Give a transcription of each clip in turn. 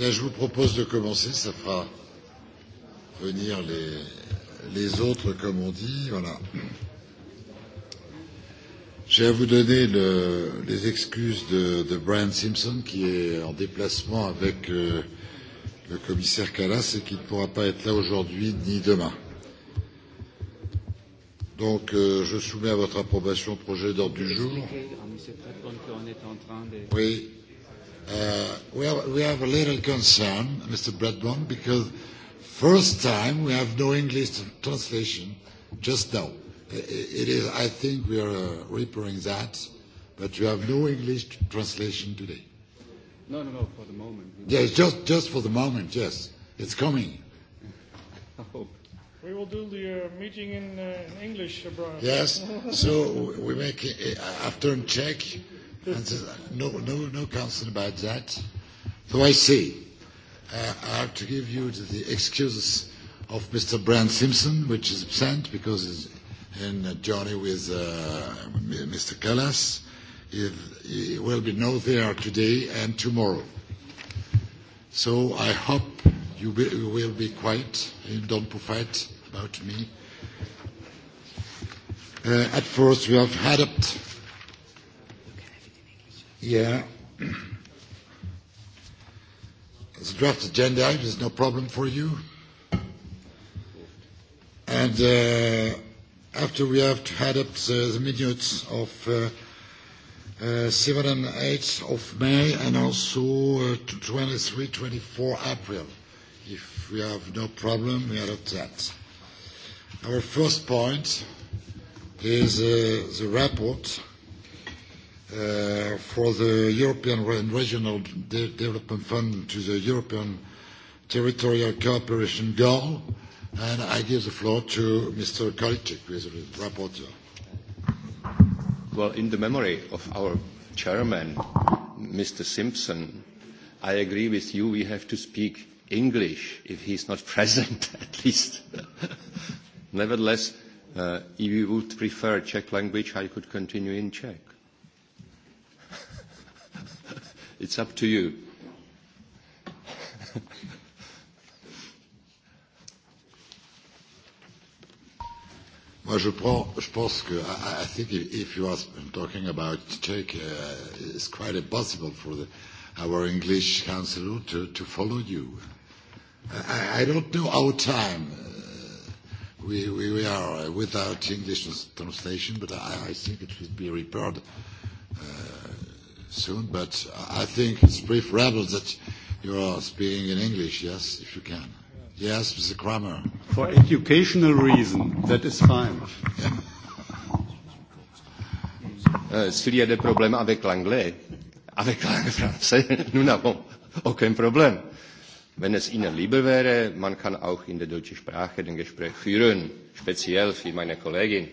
Bien, je vous propose de commencer, ça fera venir les, les autres, comme on dit. Voilà. J'ai à vous donner le, les excuses de, de Brian Simpson, qui est en déplacement avec euh, le commissaire Callas et qui ne pourra pas être là aujourd'hui ni demain. Donc, euh, je soumets à votre approbation le projet d'ordre du jour. Oui. Uh, we, have, we have a little concern, Mr. Bradburn, because first time we have no English translation just now. It is, I think we are uh, repairing that, but you have no English translation today. No, no, no, for the moment. Yes, just, just for the moment, yes. It's coming. We will do the uh, meeting in uh, English, uh, Brian. Yes, so we make, uh, after a check, Uh, no, no, no concern about that. Though I say, uh, I have to give you the excuses of Mr. Brand Simpson, which is absent because he's in a journey with uh, Mr. Callas. He will be not there today and tomorrow. So I hope you, will be quiet and don't fight about me. Uh, at first, we have had it Yeah. It's a draft agenda item. There's no problem for you. And uh, after we have had up the, the minutes of uh, uh, 7 and 8 of May and also uh, 23, 24 April, if we have no problem, we adopt that. Our first point is uh, the report Uh, for the European and Regional De Development Fund to the European Territorial Cooperation Goal. And I give the floor to Mr. Kalichik, who is the rapporteur. Well, in the memory of our chairman, Mr. Simpson, I agree with you, we have to speak English if he's not present, at least. Nevertheless, uh, if you would prefer Czech language, I could continue in Czech. It's up to you. Moi, je, prends, je pense que I, I think if you are talking about Turkey, uh, it's quite impossible for the, our English council to, to follow you. I, I don't know our time. Uh, we, we, we are without English translation, but I, I think it should be repaired. Uh, soon, but I think it's preferable that you are speaking in English, yes, if you can. Yes, Mr. Kramer. For educational reason, that is fine. Eh, s'il y a des problèmes avec l'anglais, avec langue français, nous n'avons aucun problème. Wenn es Ihnen lieber wäre, man kann auch in der deutschen Sprache den Gespräch führen, speziell für meine Kollegin.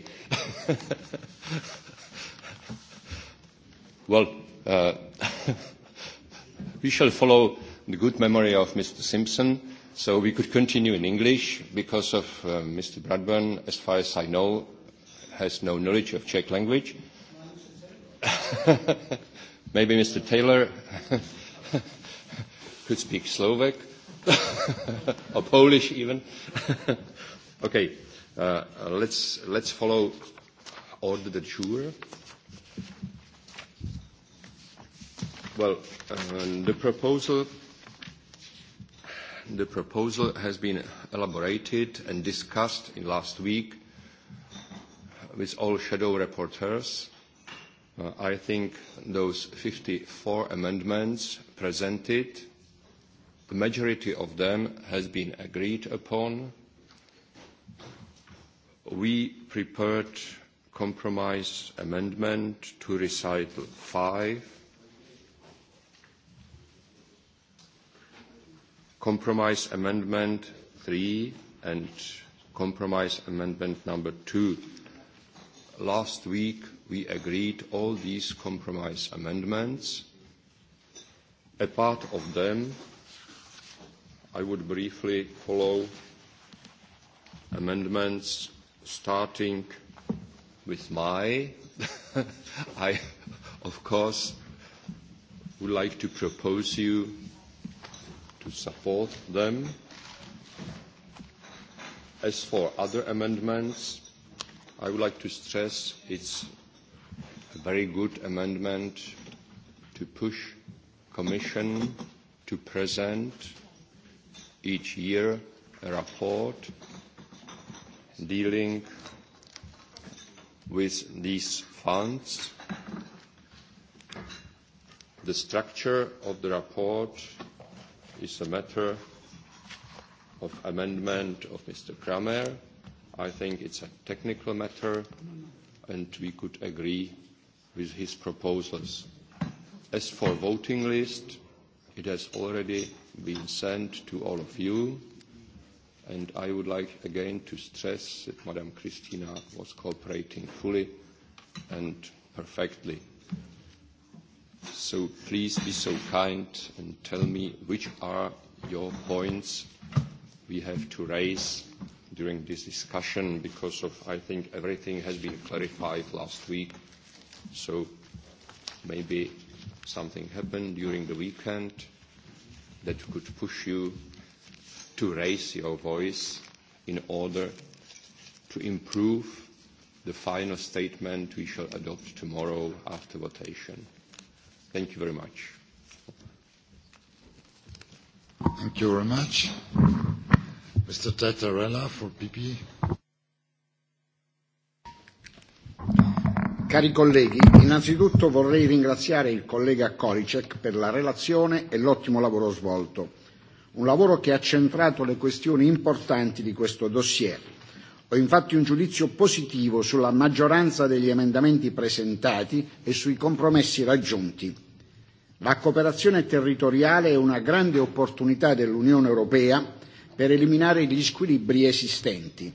well, Uh, we shall follow the good memory of Mr. Simpson, so we could continue in English because of uh, Mr. Bradburn, as far as I know, has no knowledge of Czech language. Maybe Mr. Taylor could speak Slovak or Polish even. okay, uh, let's, let's follow order the jour. Well, um, the proposal the proposal has been elaborated and discussed in last week with all shadow rapporteurs. Uh, I think those 54 amendments presented, the majority of them has been agreed upon. We prepared compromise amendment to recital five Compromise Amendment 3 and Compromise Amendment number 2. Last week we agreed all these compromise amendments. A part of them I would briefly follow amendments starting with my. I, of course, would like to propose you to support them. As for other amendments, I would like to stress it's a very good amendment to push Commission to present each year a report dealing with these funds. The structure of the report is a matter of amendment of Mr. Kramer. I think it's a technical matter, and we could agree with his proposals. As for voting list, it has already been sent to all of you, and I would like again to stress that Madam Christina was cooperating fully and perfectly. So please be so kind and tell me which are your points we have to raise during this discussion because of, I think, everything has been clarified last week. So maybe something happened during the weekend that could push you to raise your voice in order to improve the final statement we shall adopt tomorrow after votation. Thank you very much. Thank you very much. Mr. Tattarella for PP. Cari colleghi, innanzitutto vorrei ringraziare il collega Koricek per la relazione e l'ottimo lavoro svolto, un lavoro che ha centrato le questioni importanti di questo dossier. Ho infatti un giudizio positivo sulla maggioranza degli emendamenti presentati e sui compromessi raggiunti. La cooperazione territoriale è una grande opportunità dell'Unione Europea per eliminare gli squilibri esistenti.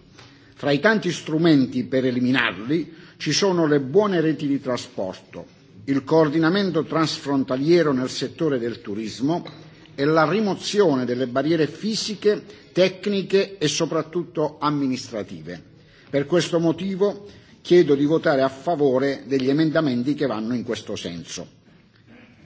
Fra i tanti strumenti per eliminarli ci sono le buone reti di trasporto, il coordinamento transfrontaliero nel settore del turismo e la rimozione delle barriere fisiche, tecniche e soprattutto amministrative. Per questo motivo chiedo di votare a favore degli emendamenti che vanno in questo senso.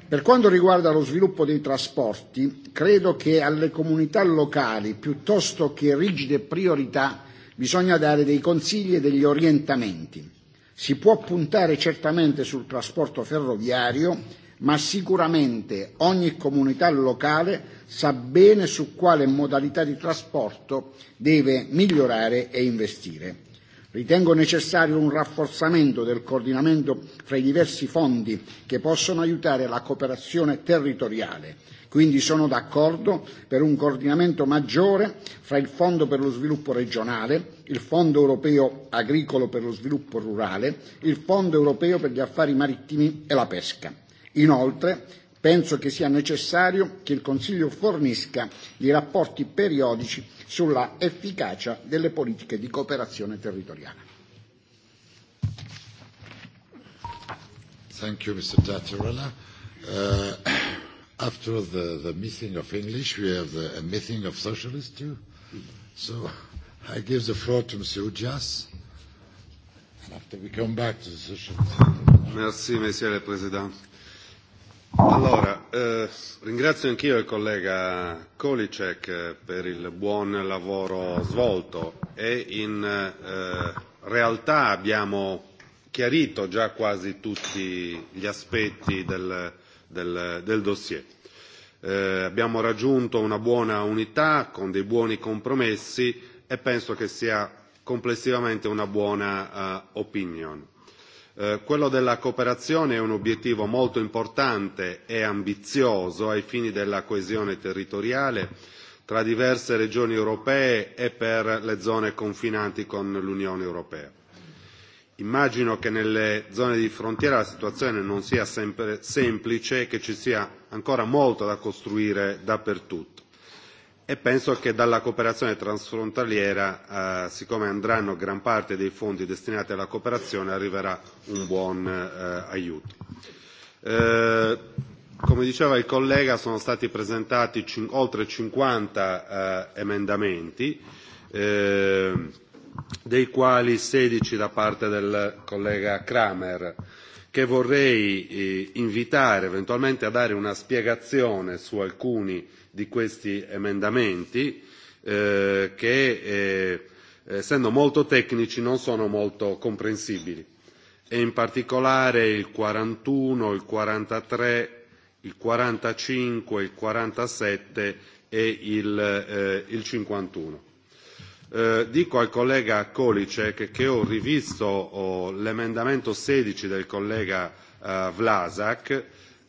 Per quanto riguarda lo sviluppo dei trasporti, credo che alle comunità locali, piuttosto che rigide priorità, bisogna dare dei consigli e degli orientamenti. Si può puntare certamente sul trasporto ferroviario, ma sicuramente ogni comunità locale sa bene su quale modalità di trasporto deve migliorare e investire. Ritengo necessario un rafforzamento del coordinamento fra i diversi fondi che possono aiutare la cooperazione territoriale. Quindi sono d'accordo per un coordinamento maggiore fra il Fondo per lo sviluppo regionale, il Fondo europeo agricolo per lo sviluppo rurale, il Fondo europeo per gli affari marittimi e la pesca. Inoltre Penso che sia necessario che il Consiglio fornisca i rapporti periodici sulla efficacia delle politiche di cooperazione territoriale. Thank you, Mr. Dattarella. Uh, after the, the meeting of English, we have the, a meeting of socialists too. So I give the floor to Mr. Ujas, and after we come back to the socialists. Merci, Monsieur le Président. Allora, eh, ringrazio anch'io il collega Kolicek eh, per il buon lavoro svolto e in eh, realtà abbiamo chiarito già quasi tutti gli aspetti del, del, del dossier. Eh, abbiamo raggiunto una buona unità con dei buoni compromessi e penso che sia complessivamente una buona uh, opinion. Eh, quello della cooperazione è un obiettivo molto importante e ambizioso ai fini della coesione territoriale tra diverse regioni europee e per le zone confinanti con l'Unione europea. Immagino che nelle zone di frontiera la situazione non sia sempre semplice e che ci sia ancora molto da costruire dappertutto e penso che dalla cooperazione transfrontaliera, eh, siccome andranno gran parte dei fondi destinati alla cooperazione, arriverà un buon eh, aiuto. Eh, come diceva il collega, sono stati presentati cin- oltre 50 eh, emendamenti, eh, dei quali 16 da parte del collega Kramer che vorrei eh, invitare eventualmente a dare una spiegazione su alcuni di questi emendamenti eh, che eh, eh, essendo molto tecnici non sono molto comprensibili e in particolare il 41, il 43, il 45, il 47 e il, eh, il 51. Eh, dico al collega Kolicek che ho rivisto oh, l'emendamento 16 del collega eh, Vlasak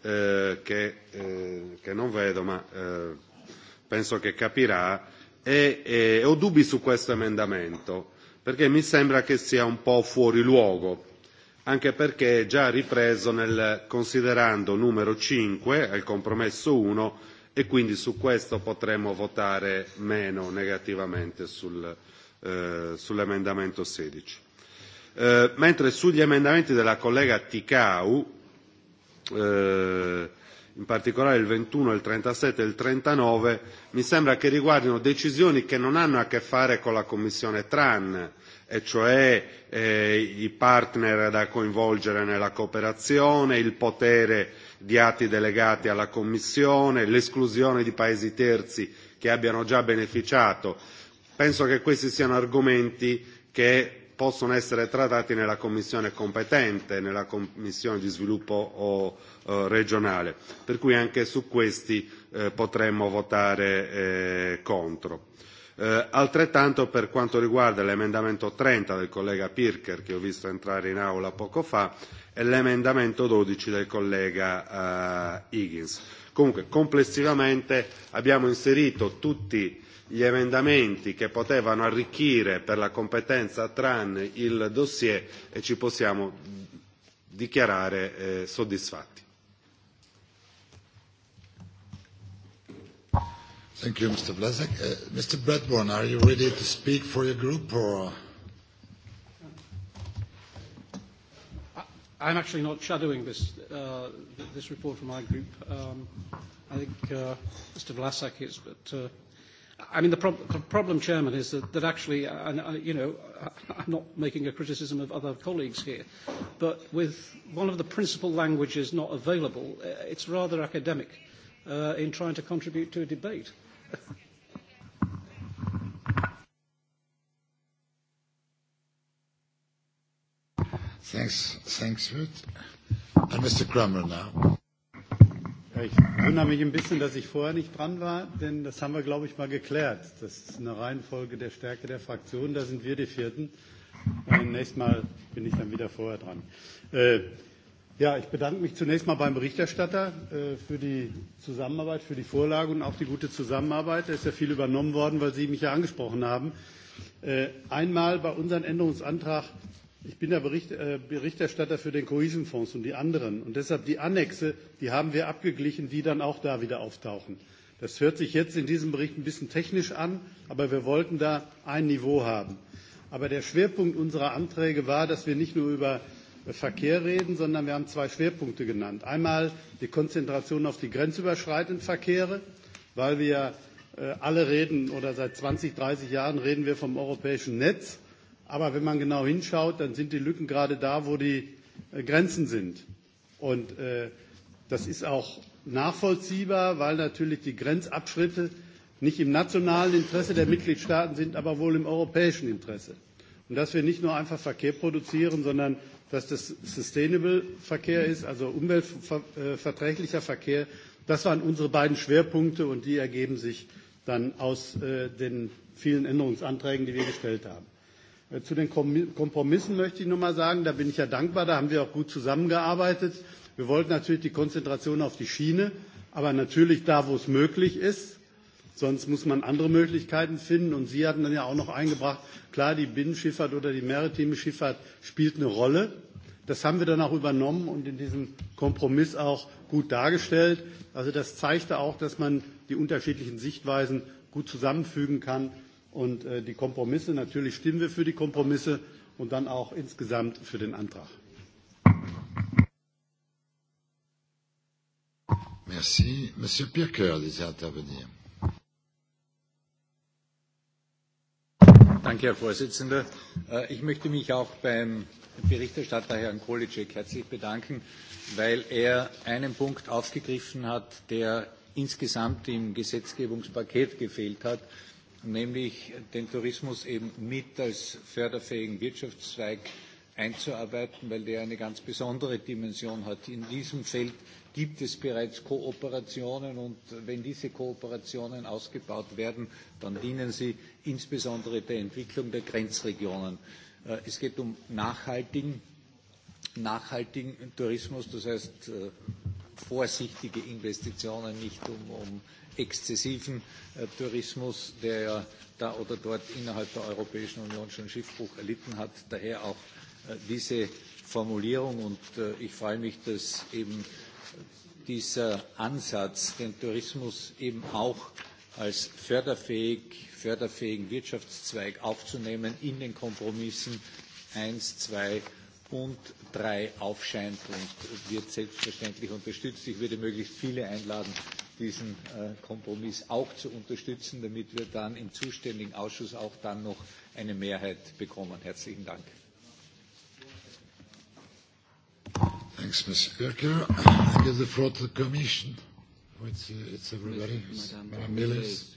eh, che, eh, che non vedo ma eh, penso che capirà e e ho dubbi su questo emendamento perché mi sembra che sia un po' fuori luogo anche perché è già ripreso nel considerando numero 5 al compromesso 1 e quindi su questo potremmo votare meno negativamente sul, eh, sull'emendamento 16. Eh, mentre sugli emendamenti della collega Ticau eh, in particolare il 21, il 37 e il 39, mi sembra che riguardino decisioni che non hanno a che fare con la Commissione TRAN, e cioè eh, i partner da coinvolgere nella cooperazione, il potere di atti delegati alla Commissione, l'esclusione di paesi terzi che abbiano già beneficiato. Penso che questi siano argomenti che possono essere trattati nella commissione competente, nella commissione di sviluppo eh, regionale, per cui anche su questi eh, potremmo votare eh, contro. altrettanto per quanto riguarda l'emendamento 30 del collega Pirker, che ho visto entrare in aula poco fa, e l'emendamento 12 del collega Higgins. Comunque, complessivamente abbiamo inserito tutti gli emendamenti che potevano arricchire per la competenza TRAN il dossier e ci possiamo dichiarare eh, soddisfatti. Thank you, Mr. Vlasak. Uh, Mr. Bradburn, are you ready to speak for your group or? I'm actually not shadowing this, uh, this report for my group. Um, I think uh, Mr. Vlasak is, but uh, I mean, the, prob- the problem, Chairman, is that, that actually, uh, and, uh, you know, I'm not making a criticism of other colleagues here, but with one of the principal languages not available, uh, it's rather academic uh, in trying to contribute to a debate. Thanks. Thanks, Ruth. And Mr. Kramer now ich wundere mich ein bisschen, dass ich vorher nicht dran war, denn das haben wir, glaube ich, mal geklärt. Das ist eine Reihenfolge der Stärke der Fraktionen, da sind wir die Vierten. Beim äh, nächstes Mal bin ich dann wieder vorher dran. Äh, ja, ich bedanke mich zunächst mal beim Berichterstatter äh, für die Zusammenarbeit, für die Vorlage und auch die gute Zusammenarbeit. Da ist ja viel übernommen worden, weil Sie mich ja angesprochen haben. Äh, einmal bei unserem Änderungsantrag Ich bin der Bericht, äh, Berichterstatter für den Kohäsionsfonds und die anderen. Und deshalb die Annexe, die haben wir abgeglichen, die dann auch da wieder auftauchen. Das hört sich jetzt in diesem Bericht ein bisschen technisch an, aber wir wollten da ein Niveau haben. Aber der Schwerpunkt unserer Anträge war, dass wir nicht nur über Verkehr reden, sondern wir haben zwei Schwerpunkte genannt. Einmal die Konzentration auf die grenzüberschreitenden Verkehre, weil wir äh, alle reden oder seit 20, 30 Jahren reden wir vom europäischen Netz. Aber wenn man genau hinschaut, dann sind die Lücken gerade da, wo die äh, Grenzen sind. Und äh, das ist auch nachvollziehbar, weil natürlich die Grenzabschritte nicht im nationalen Interesse der Mitgliedstaaten sind, aber wohl im europäischen Interesse. Und dass wir nicht nur einfach Verkehr produzieren, sondern dass das Sustainable Verkehr ist, also umweltverträglicher Verkehr, das waren unsere beiden Schwerpunkte und die ergeben sich dann aus äh, den vielen Änderungsanträgen, die wir gestellt haben. Äh, zu den Kompromissen möchte ich nur mal sagen, da bin ich ja dankbar, da haben wir auch gut zusammengearbeitet. Wir wollten natürlich die Konzentration auf die Schiene, aber natürlich da, wo es möglich ist. Sonst muss man andere Möglichkeiten finden. Und Sie hatten dann ja auch noch eingebracht, klar, die Binnenschifffahrt oder die maritime Schifffahrt spielt eine Rolle. Das haben wir dann auch übernommen und in diesem Kompromiss auch gut dargestellt. Also das zeigte auch, dass man die unterschiedlichen Sichtweisen gut zusammenfügen kann und äh, die Kompromisse. Natürlich stimmen wir für die Kompromisse und dann auch insgesamt für den Antrag. Merci. Monsieur Pirker intervenir. Danke, Herr Vorsitzender. Äh, ich möchte mich auch beim Berichterstatter Herrn Kolicek herzlich bedanken, weil er einen Punkt aufgegriffen hat, der insgesamt im Gesetzgebungspaket gefehlt hat, nämlich den Tourismus eben mit als förderfähigen Wirtschaftszweig einzuarbeiten, weil der eine ganz besondere Dimension hat. In diesem Feld gibt es bereits Kooperationen und wenn diese Kooperationen ausgebaut werden, dann dienen sie insbesondere der Entwicklung der Grenzregionen. Äh, es geht um nachhaltigen, nachhaltigen Tourismus, das heißt äh, vorsichtige Investitionen, nicht um, um exzessiven äh, Tourismus, der ja da oder dort innerhalb der Europäischen Union schon Schiffbruch erlitten hat. Daher auch äh, diese Formulierung. Und äh, ich freue mich, dass eben dieser Ansatz, den Tourismus eben auch als förderfähig, förderfähigen Wirtschaftszweig aufzunehmen, in den Kompromissen 1, 2 und 3 aufscheint und wird selbstverständlich unterstützt. Ich würde möglichst viele einladen, diesen äh, Kompromiss auch zu unterstützen, damit wir dann im zuständigen Ausschuss auch dann noch eine Mehrheit bekommen. Herzlichen Dank. Thanks, Ms. Kirker. I give the floor to the Commission. Oh, it's, uh, it's everybody. It's Madame Millis.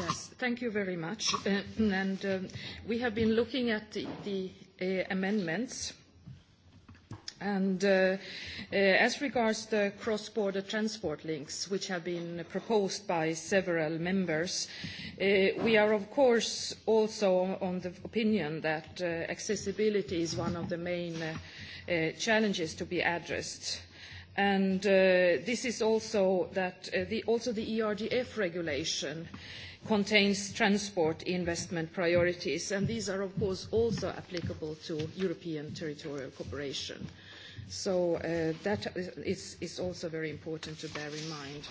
Yes, thank you very much. Uh, and uh, we have been looking at the, the uh, amendments And uh, uh, as regards the cross-border transport links, which have been proposed by several members, uh, we are of course also on the opinion that uh, accessibility is one of the main uh, uh, challenges to be addressed. And this is also that the, also the ERDF regulation contains transport investment priorities, and these are of course also applicable to European territorial cooperation. Uh, So uh, that is, also very important to bear in mind.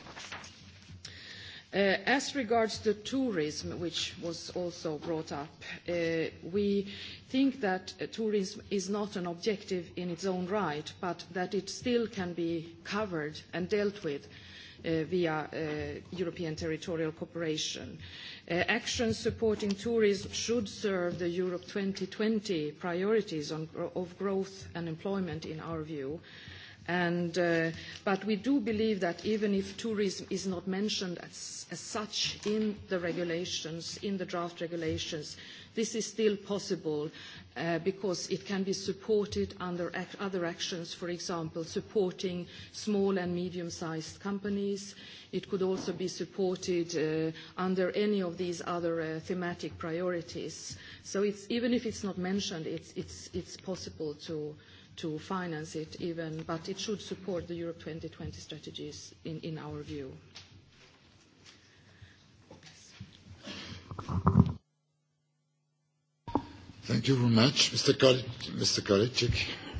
Uh, as regards to tourism, which was also brought up, uh, we think that tourism is not an objective in its own right, but that it still can be covered and dealt with via European territorial cooperation. Uh, actions supporting tourism should serve the Europe 2020 priorities on, of growth and employment, in our view. And, uh, but we do believe that even if tourism is not mentioned as, as, such in the regulations, in the draft regulations, This is still possible uh, because it can be supported under ac other actions, for example, supporting small and medium-sized companies. It could also be supported uh, under any of these other uh, thematic priorities. So it's, even if it's not mentioned, it's, it's, it's possible to, to finance it even, but it should support the Europe 2020 strategies in, in our view. Thank you very much, Mr. Kalic, Mr. Kaliček,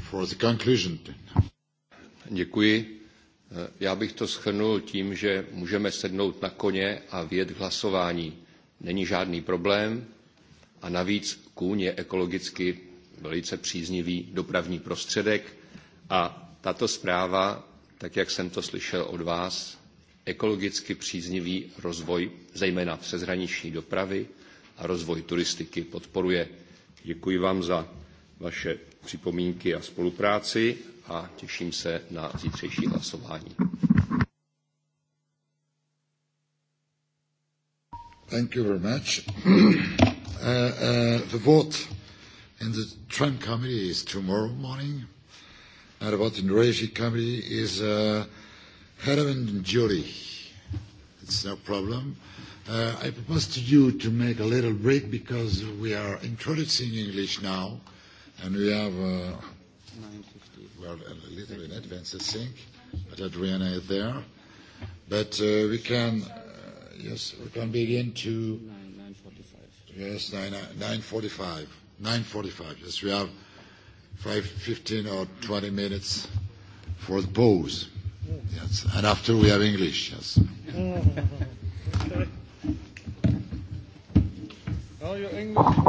for the conclusion. Děkuji. Eh, já bych to schrnul tím, že můžeme sednout na koně a vyjet hlasování. Není žádný problém a navíc kůň je ekologicky velice příznivý dopravní prostředek a tato zpráva, tak jak jsem to slyšel od vás, ekologicky příznivý rozvoj, zejména přeshraniční dopravy a rozvoj turistiky podporuje. Děkuji vám za vaše připomínky a spolupráci a těším se na zítřejší hlasování. Thank you very much. Uh, uh, the vote in the Trump committee is tomorrow morning, and the vote in the Regi committee is uh, Herman and Julie. It's no problem. Uh, I propose to you to make a little break because we are introducing English now, and we have uh, well a little in advance, I think, but Adriana is there. But uh, we can uh, yes, we can begin to 9, 9:45. Yes, Nine 9:45. Uh, 9:45. Yes, we have five 15 or 20 minutes for the pause. Yes. And after we have English, yes. oh, your English.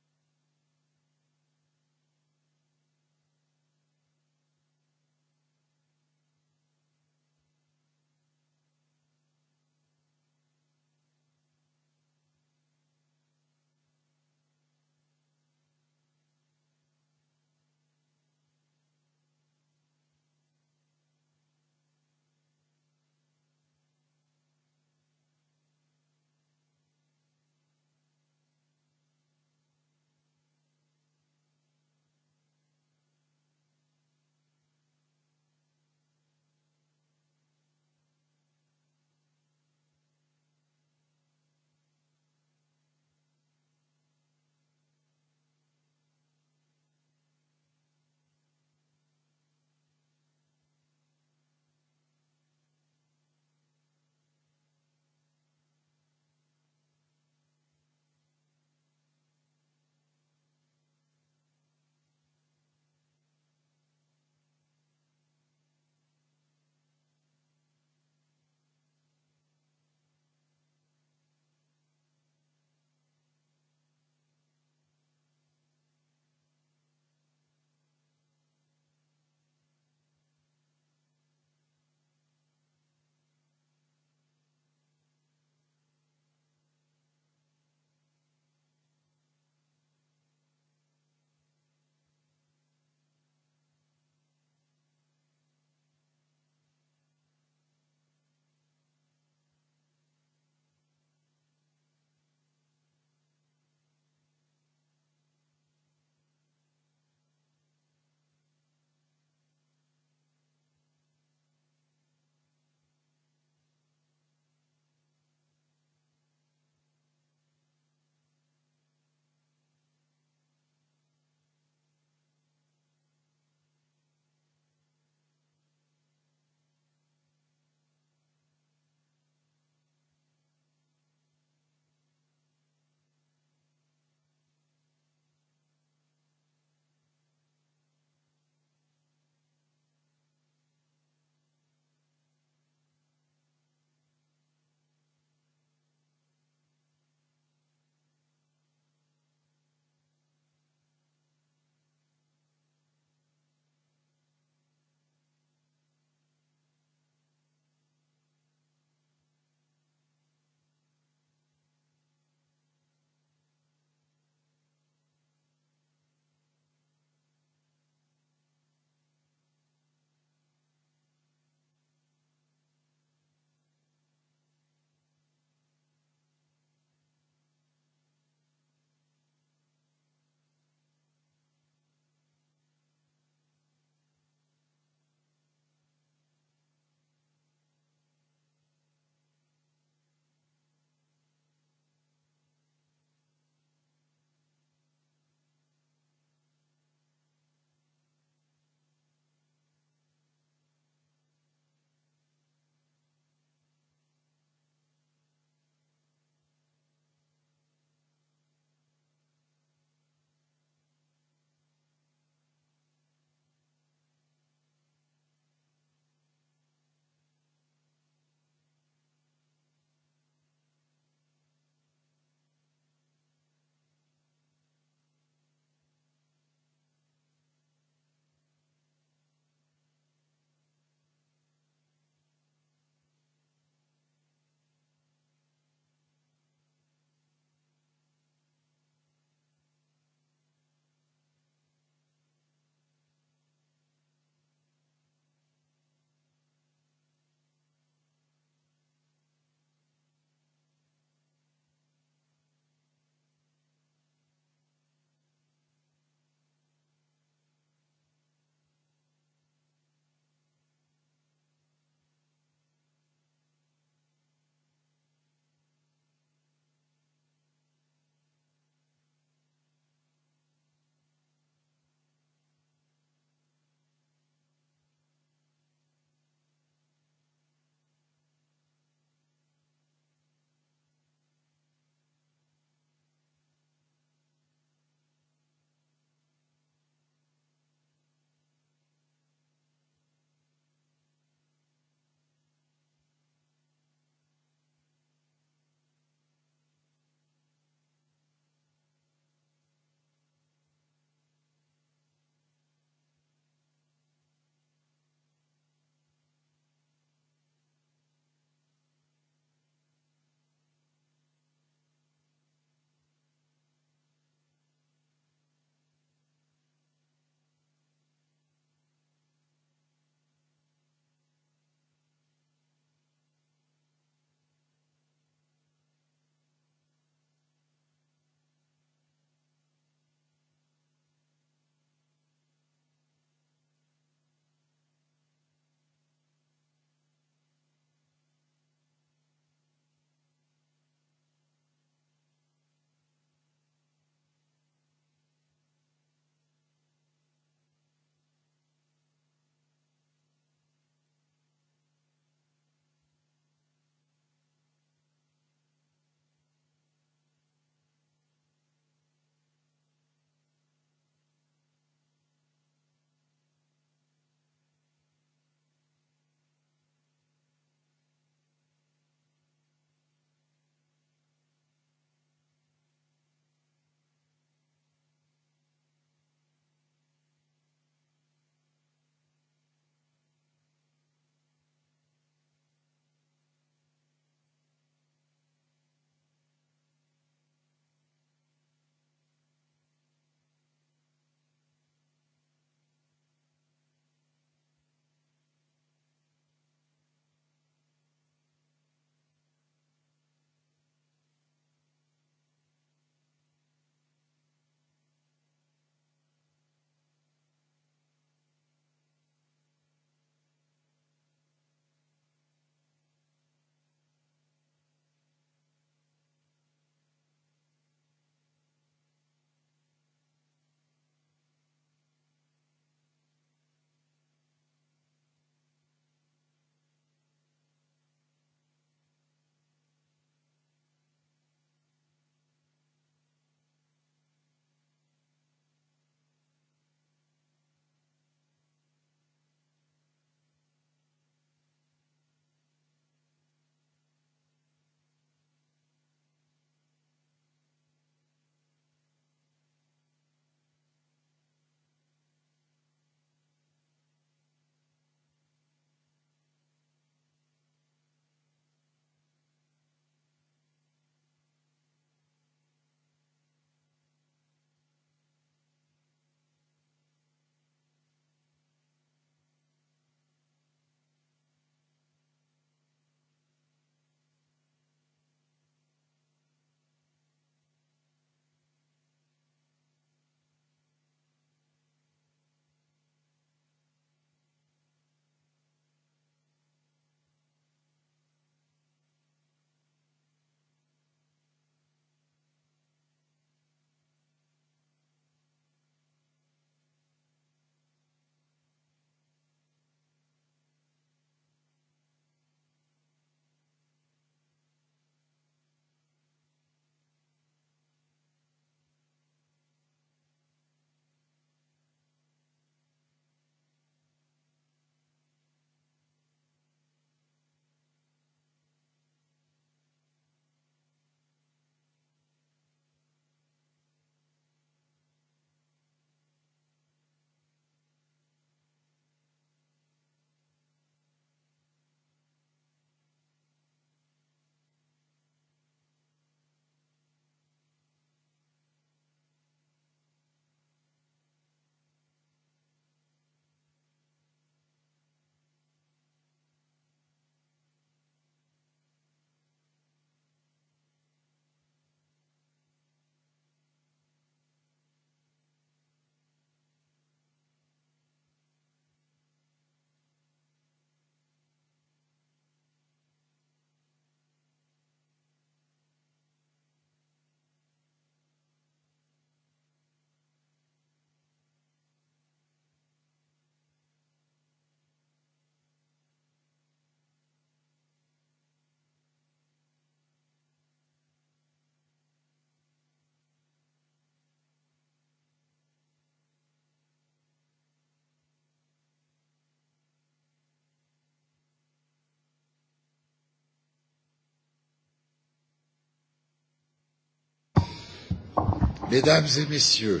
Mesdames et messieurs,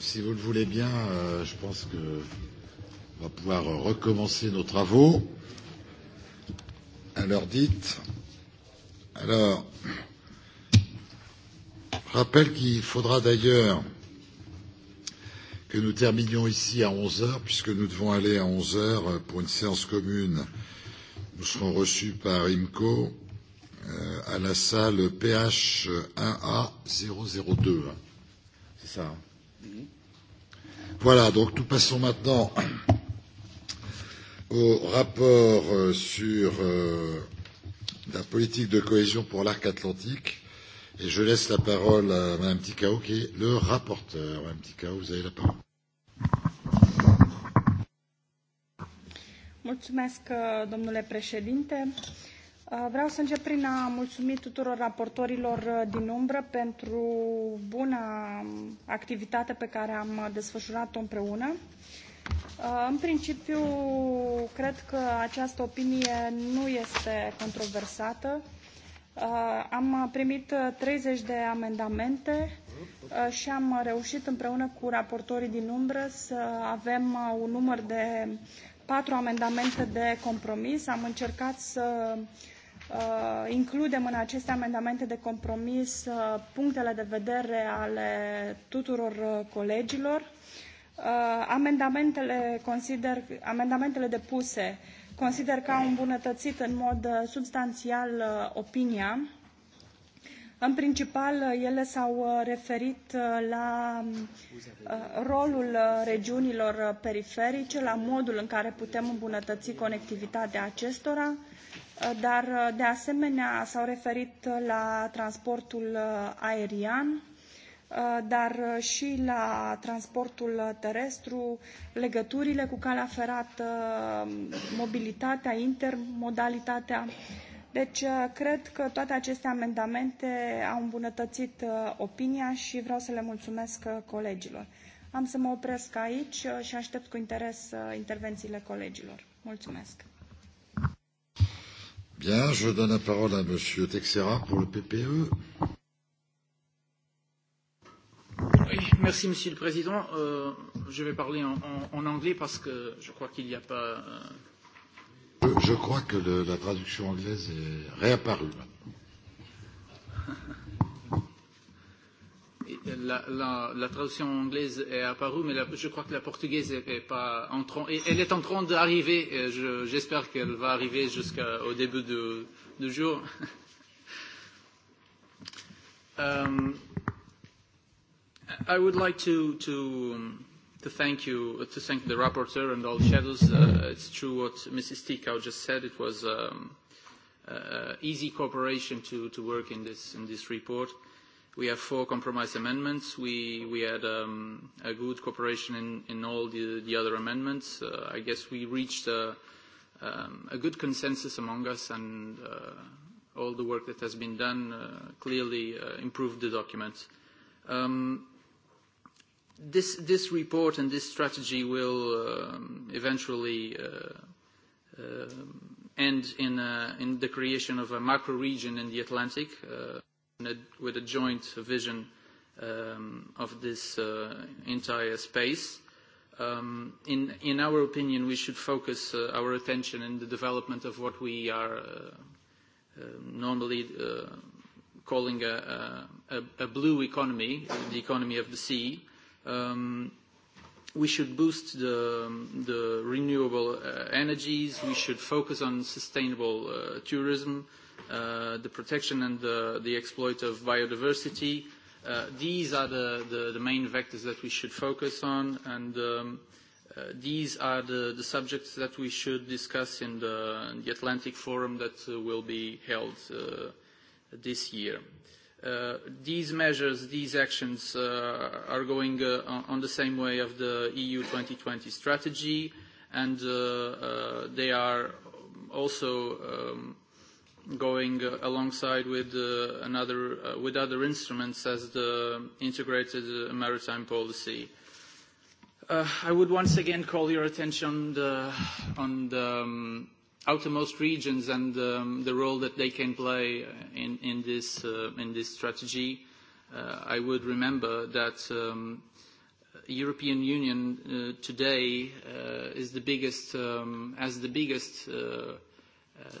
si vous le voulez bien, euh, je pense que on va pouvoir recommencer nos travaux à l'heure dite. Alors, je rappelle qu'il faudra d'ailleurs que nous terminions ici à 11 heures, puisque nous devons aller à 11 heures pour une séance commune. Nous serons reçus par IMCO Euh, à la salle PH 1A002. Hein. C'est ça. Hein mhm. Voilà, donc nous passons maintenant au rapport euh, sur euh, la politique de cohésion pour l'arc atlantique. Et je laisse la parole à Mme Ticao, qui est le rapporteur. Mme Ticao, vous avez la parole. Mulțumesc, domnule președinte. Uh, Uh, vreau să încep prin a mulțumi tuturor raportorilor uh, din umbră pentru buna um, activitate pe care am uh, desfășurat-o împreună. În principiu, cred că această opinie nu este controversată. Am primit 30 de amendamente și am reușit împreună cu raportorii din umbră să avem un număr de patru amendamente de compromis. Am încercat să uh, Uh, includem în aceste amendamente de compromis uh, punctele de vedere ale tuturor uh, colegilor. Amendamentele, consider, amendamentele depuse consider că au îmbunătățit în mod substanțial opinia în principal, uh, ele s-au uh, referit uh, la rolul regiunilor periferice, la modul în care putem îmbunătăți conectivitatea acestora, dar de asemenea s-au referit la transportul aerian, dar și la transportul terestru, legăturile cu calea ferată, mobilitatea, intermodalitatea. Deci, uh, cred că toate aceste amendamente au îmbunătățit uh, opinia și vreau să le mulțumesc uh, colegilor. Am să mă opresc aici și aștept cu interes intervențiile colegilor. Mulțumesc. Bien, je donne la parole à Monsieur Texera pour le PPE. Oui, merci Monsieur le Président. Euh, je vais parler en, en, en anglais parce que je crois qu'il n'y a pas euh, Euh, je crois que le, la traduction anglaise est réapparue maintenant. La, la, la traduction anglaise est apparue, mais la, je crois que la portugaise est, est pas en train. Elle est en train d'arriver. J'espère je, qu'elle va arriver jusqu'au début du, du jour. um, I would like to, to um, to thank you, to thank the rapporteur and all shadows. Uh, it's true what Mrs. Tikau just said. It was um, uh, easy cooperation to, to work in this, in this report. We have four compromise amendments. We, we had um, a good cooperation in, in all the, the other amendments. Uh, I guess we reached a, um, a good consensus among us and uh, all the work that has been done uh, clearly uh, improved the document. Um, this, this report and this strategy will um, eventually uh, uh, end in, uh, in the creation of a macro region in the Atlantic uh, a, with a joint vision um, of this uh, entire space. Um, in, in our opinion, we should focus uh, our attention in the development of what we are uh, uh, normally uh, calling a, a, a blue economy, the economy of the sea, uh, Um, we should boost the, the renewable uh, energies. We should focus on sustainable uh, tourism, uh, the protection and the, the exploit of biodiversity. Uh, these are the, the main vectors that we should focus on, and um, uh, these are the subjects that we should discuss in the in Atlantic Forum that uh, will be held this year. Uh, these measures, these actions uh, are going uh, on the same way of the EU 2020 strategy and uh, uh, they are also um, going alongside with, another, with other instruments as the integrated maritime policy. I would once again call your attention the, on the um, outermost regions and um, the role that they can play in, in, this, uh, in this strategy, uh, I would remember that um, European Union uh, today uh, is the biggest, um, as the biggest uh, uh,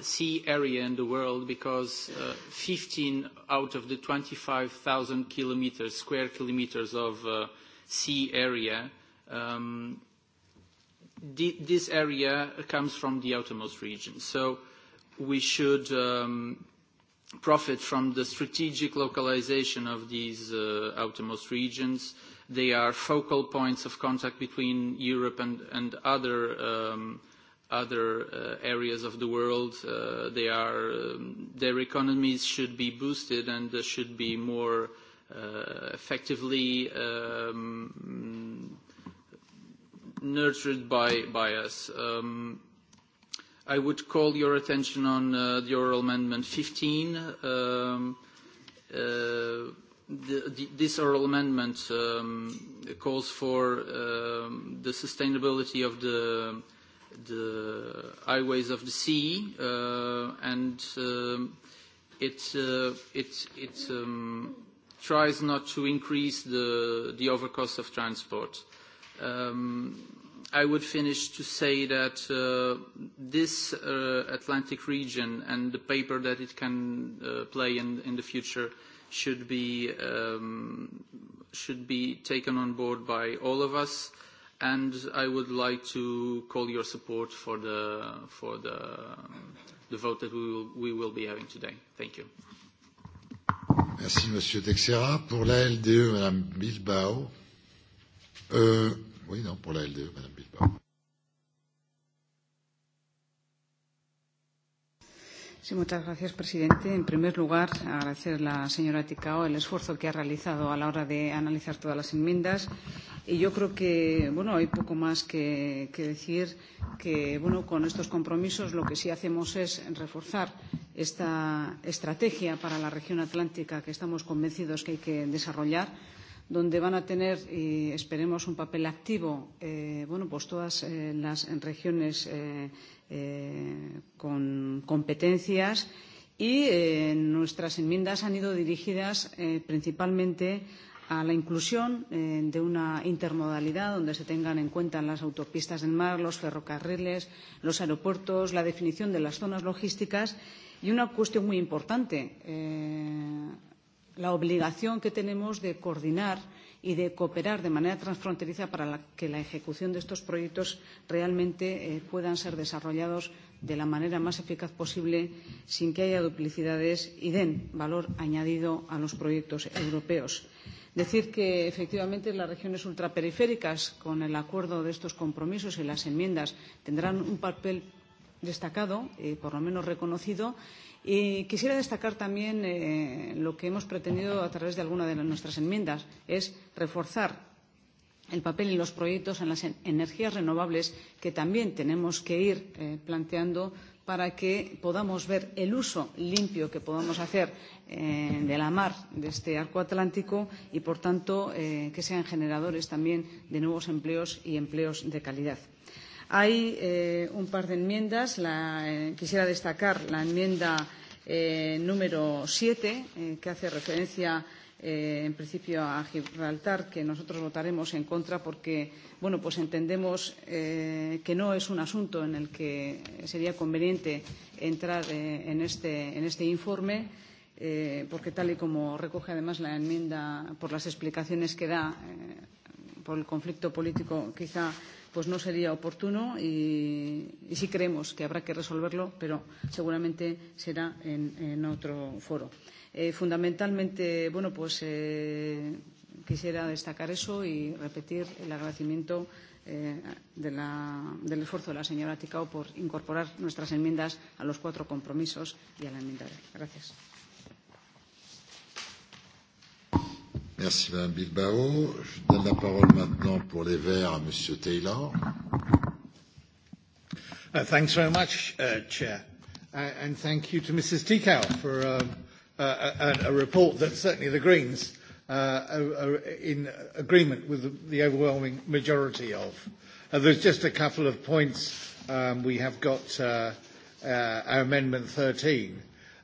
sea area in the world because uh, 15 out of the 25,000 kilometers, square kilometers of uh, sea area um, this area comes from the outermost region. So we should um, profit from the strategic localization of these uh, outermost regions. They are focal points of contact between Europe and, other, um, uh, areas of the world. Uh, um, their economies should be boosted and should be more effectively nurtured by, by us. Um, I would call your attention on uh, the oral amendment 15. Um, uh, the, the, this oral amendment um, calls for um, the sustainability of the, the highways of the sea, uh, and um, it, uh, it, it um, tries not to increase the, the overcost of transport. Uh, Um, I would finish to say that uh, this uh, Atlantic region and the paper that it can uh, play in, in the future should be, um, should be taken on board by all of us. And I would like to call your support for the, for the, the vote that we will, we will be having today. Thank you. Merci, Monsieur Texera. Pour la LDE, Madame Bilbao. Euh, Oui, non, pour la L2, Madame Bilbao. Sí, muchas gracias, presidente. En primer lugar, agradecer a la señora Ticao el esfuerzo que ha realizado a la hora de analizar todas las enmiendas. Y yo creo que, bueno, hay poco más que, que decir que, bueno, con estos compromisos lo que sí hacemos es reforzar esta estrategia para la región atlántica que estamos convencidos que hay que desarrollar donde van a tener, y esperemos, un papel activo eh, bueno, pues todas eh, las regiones eh, eh, con competencias. Y eh, nuestras enmiendas han ido dirigidas eh, principalmente a la inclusión eh, de una intermodalidad donde se tengan en cuenta las autopistas del mar, los ferrocarriles, los aeropuertos, la definición de las zonas logísticas y una cuestión muy importante. Eh, la obligación que tenemos de coordinar y de cooperar de manera transfronteriza para la, que la ejecución de estos proyectos realmente eh, puedan ser desarrollados de la manera más eficaz posible sin que haya duplicidades y den valor añadido a los proyectos europeos. Decir que efectivamente las regiones ultraperiféricas, con el acuerdo de estos compromisos y las enmiendas, tendrán un papel destacado, eh, por lo menos reconocido. Y quisiera destacar también eh, lo que hemos pretendido a través de alguna de nuestras enmiendas, es reforzar el papel en los proyectos en las energías renovables que también tenemos que ir eh, planteando para que podamos ver el uso limpio que podamos hacer eh, de la mar, de este arco atlántico, y, por tanto, eh, que sean generadores también de nuevos empleos y empleos de calidad. Hay eh, un par de enmiendas. La, eh, quisiera destacar la enmienda eh, número 7, eh, que hace referencia eh, en principio a Gibraltar, que nosotros votaremos en contra porque bueno, pues entendemos eh, que no es un asunto en el que sería conveniente entrar eh, en, este, en este informe. Eh, porque tal y como recoge además la enmienda por las explicaciones que da eh, por el conflicto político quizá pues no sería oportuno y, y sí creemos que habrá que resolverlo, pero seguramente será en, en otro foro. Eh, fundamentalmente, bueno, pues eh, quisiera destacar eso y repetir el agradecimiento eh, de la, del esfuerzo de la señora Ticao por incorporar nuestras enmiendas a los cuatro compromisos y a la enmienda. Gracias. Merci Madame Bilbao. Je donne la parole maintenant pour les Verts à Monsieur Taylor. Uh, thanks very much, uh, Chair, uh, and thank you to Mrs. Tikau for um, uh, a, a report that certainly the Greens uh, are, are in agreement with the, the overwhelming majority of. Uh, there's just a couple of points. Um, we have got uh, uh, our Amendment 13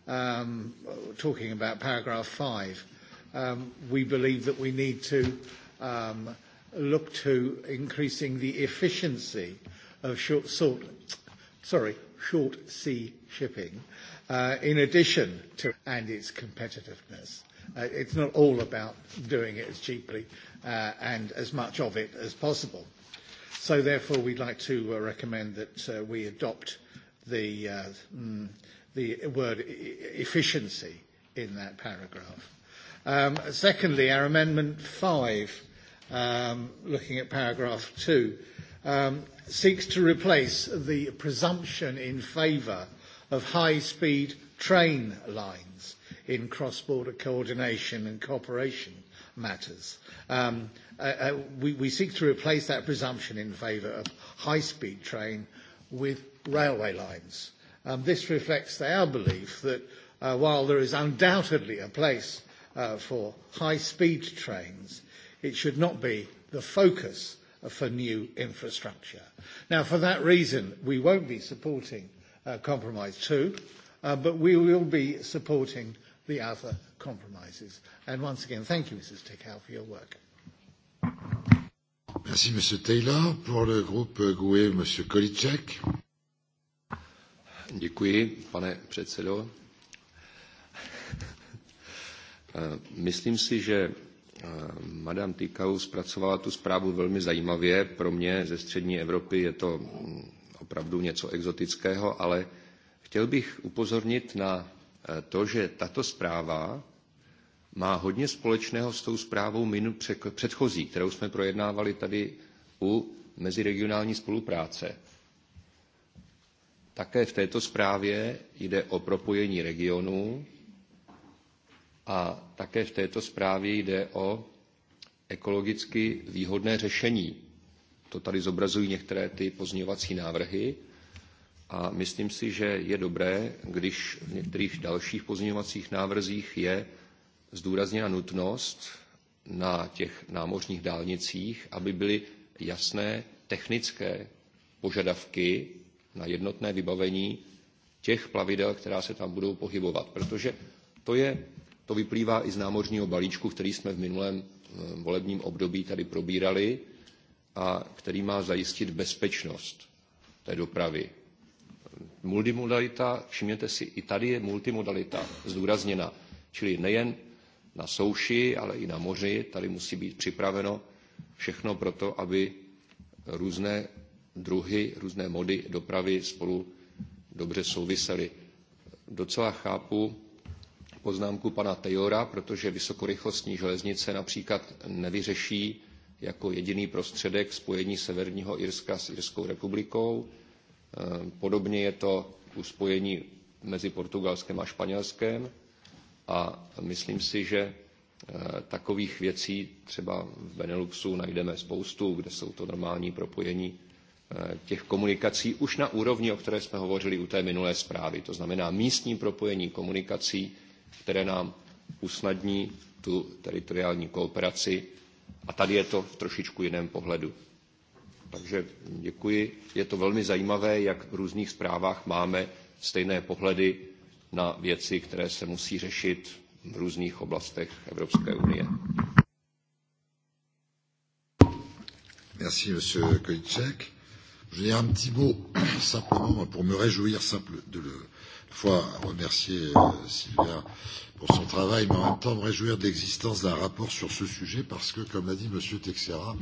um, talking about paragraph 5 Um, we believe that we need to um, look to increasing the efficiency of short, sorry, short sea shipping, uh, in addition to and its competitiveness. Uh, it's not all about doing it as cheaply uh, and as much of it as possible. So therefore, we'd like to uh, recommend that uh, we adopt the, uh, mm, the word e efficiency in that paragraph. Um, secondly, our Amendment five, um, looking at paragraph two, um, seeks to replace the presumption in favour of high-speed train lines in cross-border coordination and cooperation matters. Um, uh, uh, we, we seek to replace that presumption in favour of high-speed train with railway lines. Um, this reflects our belief that uh, while there is undoubtedly a place Uh, for high-speed trains, it should not be the focus for new infrastructure. Now, for that reason, we won't be supporting uh, Compromise 2, uh, but we will be supporting the other compromises. And once again, thank you, Mrs. Tickow, for your work. Merci, Monsieur Taylor. Pour le groupe euh, GUE, Monsieur Kolicek. Děkuji, pane předsedo. Eh, myslím si, že eh, Madame Tikau zpracovala tu zprávu velmi zajímavě. Pro mě ze střední Evropy je to mm, opravdu něco exotického, ale chtěl bych upozornit na eh, to, že tato zpráva má hodně společného s tou zprávou minu předchozí, kterou jsme projednávali tady u meziregionální spolupráce. Také v této zprávě jde o propojení regionů, a také v této zprávě jde o ekologicky výhodné řešení. To tady zobrazují některé ty pozměňovací návrhy. A myslím si, že je dobré, když v některých dalších pozměňovacích návrzích je zdůrazněna nutnost na těch námořních dálnicích, aby byly jasné technické požadavky na jednotné vybavení těch plavidel, která se tam budou pohybovat. Protože to je To vyplývá i z námořního balíčku, který jsme v minulém eh, volebním období tady probírali a který má zajistit bezpečnost té dopravy. Multimodalita, všimněte si, i tady je multimodalita zdůrazněna, čili nejen na souši, ale i na moři. Tady musí být připraveno všechno pro to, aby různé druhy, různé mody dopravy spolu dobře souvisely. Docela chápu poznámku pana Tejora, protože vysokorychlostní železnice například nevyřeší jako jediný prostředek spojení Severního Irska s Irskou republikou. Ehm, podobně je to u spojení mezi Portugalskem a Španělskem. A myslím si, že eh, takových věcí třeba v Beneluxu najdeme spoustu, kde jsou to normální propojení eh, těch komunikací už na úrovni, o které jsme hovořili u té minulé zprávy. To znamená místní propojení komunikací které nám usnadní tu teritoriální kooperaci. A tady je to v trošičku jiném pohledu. Takže děkuji. Je to velmi zajímavé, jak v různých zprávách máme stejné pohledy na věci, které se musí řešit v různých oblastech Evropské unie. Merci, monsieur Kojček. Je vais dire un petit mot simplement pour me réjouir simple de le fois remercier euh, Sylvia pour son travail, mais en même temps me réjouir de l'existence d'un rapport sur ce sujet parce que, comme l'a dit M. Texera,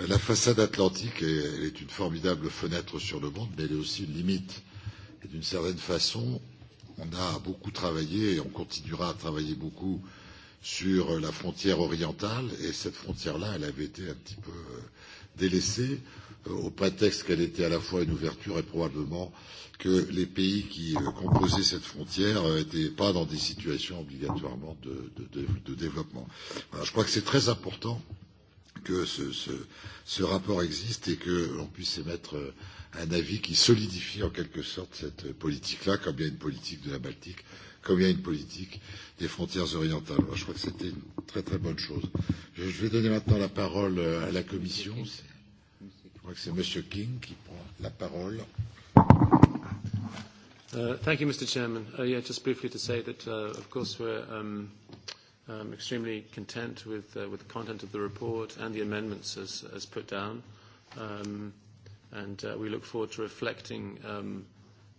euh, la façade atlantique est, elle est une formidable fenêtre sur le monde, mais elle est aussi une limite. Et d'une certaine façon, on a beaucoup travaillé et on continuera à travailler beaucoup sur la frontière orientale, et cette frontière-là, elle avait été un petit peu euh, délaissée. Euh, au prétexte qu'elle était à la fois une ouverture et probablement que les pays qui euh, composaient cette frontière n'étaient euh, pas dans des situations obligatoirement de, de, de, de développement. Voilà, je crois que c'est très important que ce, ce, ce rapport existe et que l'on puisse émettre euh, un avis qui solidifie en quelque sorte cette politique-là, comme il y a une politique de la Baltique, comme il y a une politique des frontières orientales. Alors, je crois que c'était une très très bonne chose. Je, je vais donner maintenant la parole à la Commission. C'est crois que c'est Monsieur King qui prend la parole. Uh, thank you, Mr. Chairman. Uh, yeah, just briefly to say that, uh, of course, we're um, um, extremely content with, uh, with the content of the report and the amendments as, as put down. Um, and uh, we look forward to reflecting um,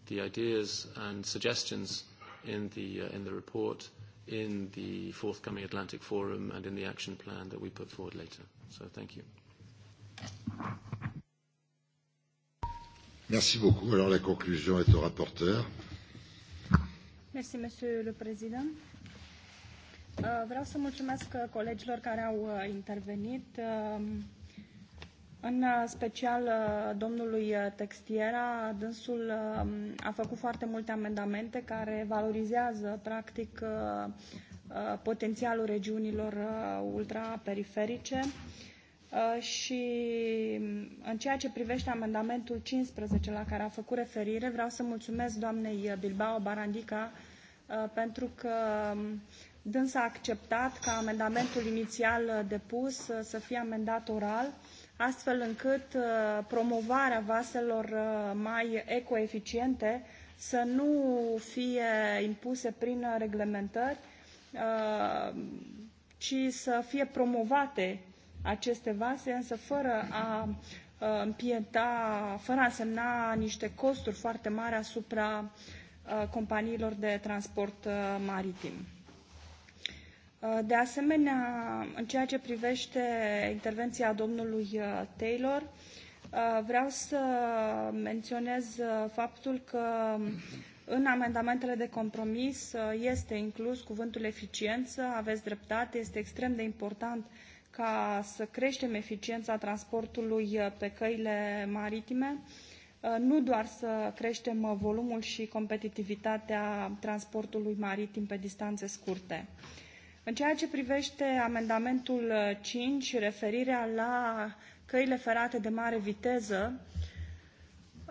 the ideas and suggestions in the, uh, in the report, in the forthcoming Atlantic Forum, and in the action plan that we put forward later. So thank you. Merci beaucoup. Alors la conclusion est au rapporteur. Merci, Monsieur le Président. Euh, vreau să mulțumesc colegilor care au uh, intervenit, um, în uh, special uh, domnului Textiera. Dânsul um, a făcut foarte multe amendamente care valorizează, practic, potențialul regiunilor ultraperiferice. periferice Uh, și mm, în ceea ce privește amendamentul 15 la care a făcut referire, vreau să mulțumesc doamnei uh, Bilbao Barandica uh, pentru că mm, dânsa a acceptat ca amendamentul inițial depus să fie amendat oral, astfel încât promovarea vaselor mai ecoeficiente să nu fie impuse prin reglementări, ci să fie promovate aceste vase, însă fără a împieta, fără a însemna niște costuri foarte mari asupra companiilor de transport maritim. De asemenea, în ceea ce privește intervenția domnului Taylor, vreau să menționez faptul că în amendamentele de compromis este inclus cuvântul eficiență, aveți dreptate, este extrem de important uh, ca să creștem eficiența transportului uh, pe căile maritime, uh, nu doar să creștem uh, volumul și competitivitatea transportului maritim pe distanțe scurte. În ceea ce privește amendamentul 5, referirea la căile ferate de mare viteză,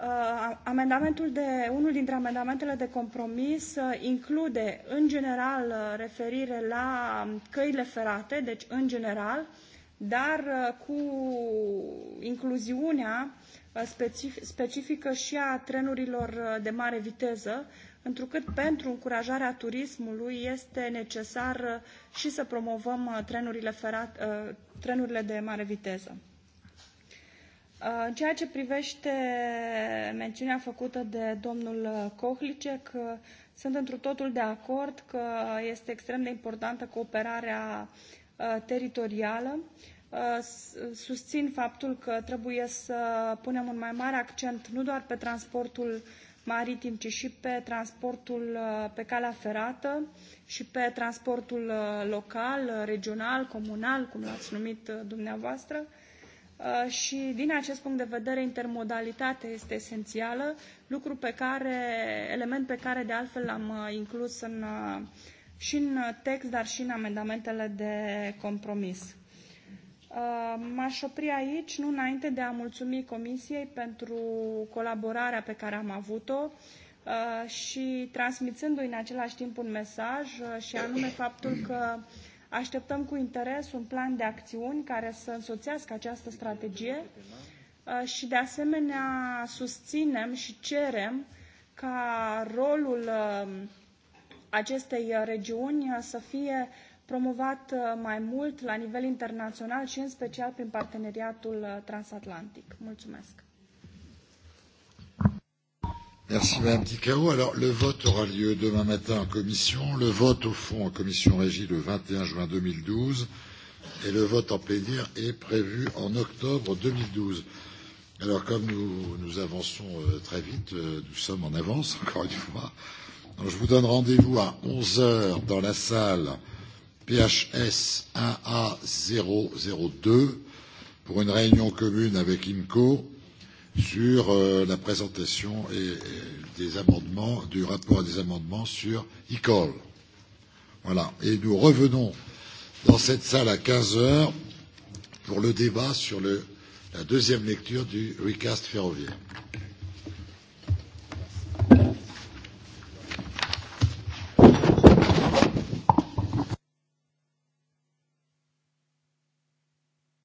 Uh, amendamentul de, unul dintre amendamentele de compromis uh, include, în general, uh, referire la um, căile ferate, deci în general, dar cu incluziunea specifică și a trenurilor de mare viteză, întrucât pentru încurajarea turismului este necesar și să promovăm trenurile, ferate, trenurile de mare viteză. În ceea ce privește mențiunea făcută de domnul Kohlicek, sunt întru totul de acord că este extrem de importantă cooperarea uh, teritorială. Uh, susțin faptul că trebuie să punem un mai mare accent nu doar pe transportul maritim, ci și pe transportul uh, pe calea ferată și pe transportul local, regional, comunal, cum l-ați numit dumneavoastră. Uh, Uh, și din acest punct de vedere intermodalitatea este esențială, lucru pe care, element pe care de altfel l-am uh, inclus în, uh, și în text, dar și în amendamentele de compromis. M-aș opri aici, nu înainte de a mulțumi Comisiei pentru colaborarea pe care am avut-o și transmițându-i în același timp un mesaj și anume faptul că Așteptăm cu interes un plan de acțiuni care să însoțească această strategie uh, și, de asemenea, susținem și cerem ca rolul uh, acestei uh, regiuni să fie promovat mai mult la nivel internațional și în special prin parteneriatul transatlantic. Mulțumesc! Merci Madame dicaro. Alors le vote aura lieu demain matin en commission, le vote au fond en commission régie le 21 juin 2012 et le vote en plénière est prévu en octobre 2012. Alors comme nous, nous avançons euh, très vite, euh, nous sommes en avance encore une fois. Donc, je vous donne rendez-vous à 11h dans la salle PHS 1A002 pour une réunion commune avec IMCO sur euh, la présentation et, des amendements, du rapport et des amendements sur ICOL. voilà. Et nous revenons dans cette salle à 15 heures pour le débat sur le, la deuxième lecture du recast ferroviaire.